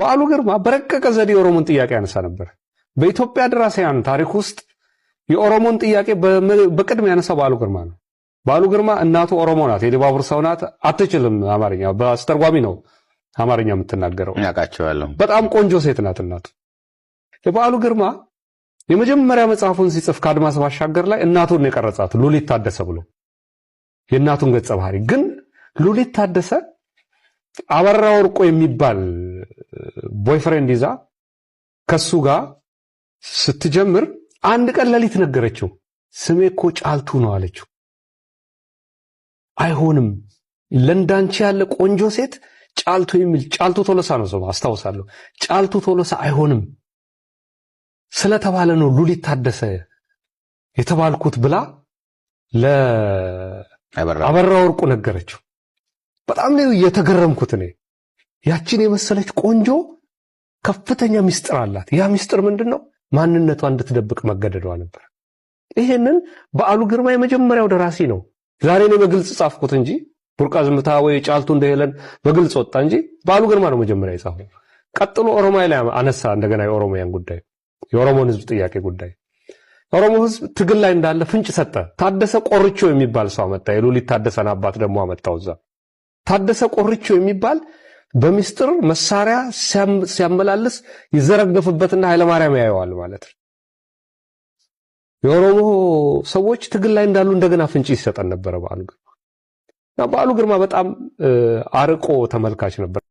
በዓሉ ግርማ በረቀቀ ዘዴ የኦሮሞን ጥያቄ ያነሳ ነበር። በኢትዮጵያ ደራሲያን ታሪክ ውስጥ የኦሮሞን ጥያቄ በቅድም ያነሳው በዓሉ ግርማ ነው። በዓሉ ግርማ እናቱ ኦሮሞ ናት፣ የደባቡር ሰው ናት፣ አትችልም አማርኛ። በአስተርጓሚ ነው አማርኛ የምትናገረው። ያውቃቸዋለሁ። በጣም ቆንጆ ሴት ናት እናቱ። የበዓሉ ግርማ የመጀመሪያ መጽሐፉን ሲጽፍ ከአድማስ ባሻገር ላይ እናቱን የቀረጻት ሉሊት ታደሰ ብሎ የእናቱን ገጸ ባህሪ ግን ሉሊት ታደሰ አበራ ወርቆ የሚባል ቦይፍሬንድ ይዛ ከሱ ጋር ስትጀምር አንድ ቀን ለሊት ነገረችው። ስሜ እኮ ጫልቱ ነው አለችው። አይሆንም ለእንዳንቺ ያለ ቆንጆ ሴት ጫልቱ የሚል ጫልቱ ቶሎሳ ነው ስሟ፣ አስታውሳለሁ። ጫልቱ ቶሎሳ አይሆንም ስለተባለ ነው ሉሊት ታደሰ የተባልኩት ብላ ለአበራ ወርቁ ነገረችው። በጣም ነው የተገረምኩት እኔ። ያችን የመሰለች ቆንጆ ከፍተኛ ሚስጥር አላት። ያ ሚስጥር ምንድን ነው? ማንነቷ እንድትደብቅ መገደዷ ነበር። ይሄንን በዓሉ ግርማ የመጀመሪያው ደራሲ ነው። ዛሬ እኔ በግልጽ ጻፍኩት እንጂ ቡርቃ ዝምታ ወይ ጫልቱ እንደ ሄለን በግልጽ ወጣ እንጂ በዓሉ ግርማ ነው መጀመሪያ የጻፉ። ቀጥሎ ኦሮማይ ላይ አነሳ እንደገና የኦሮሞያን ጉዳይ፣ የኦሮሞን ህዝብ ጥያቄ ጉዳይ ኦሮሞ ህዝብ ትግል ላይ እንዳለ ፍንጭ ሰጠ። ታደሰ ቆርቾ የሚባል ሰው አመጣ። የሉሊት ታደሰን አባት ደግሞ አመጣው። እዛ ታደሰ ቆርቾ የሚባል በሚስጥር መሳሪያ ሲያመላልስ ይዘረገፍበትና ኃይለማርያም ያየዋል ማለት ነው። የኦሮሞ ሰዎች ትግል ላይ እንዳሉ እንደገና ፍንጭ ይሰጠን ነበረ። በዓሉ ግርማ በዓሉ ግርማ በጣም አርቆ ተመልካች ነበር።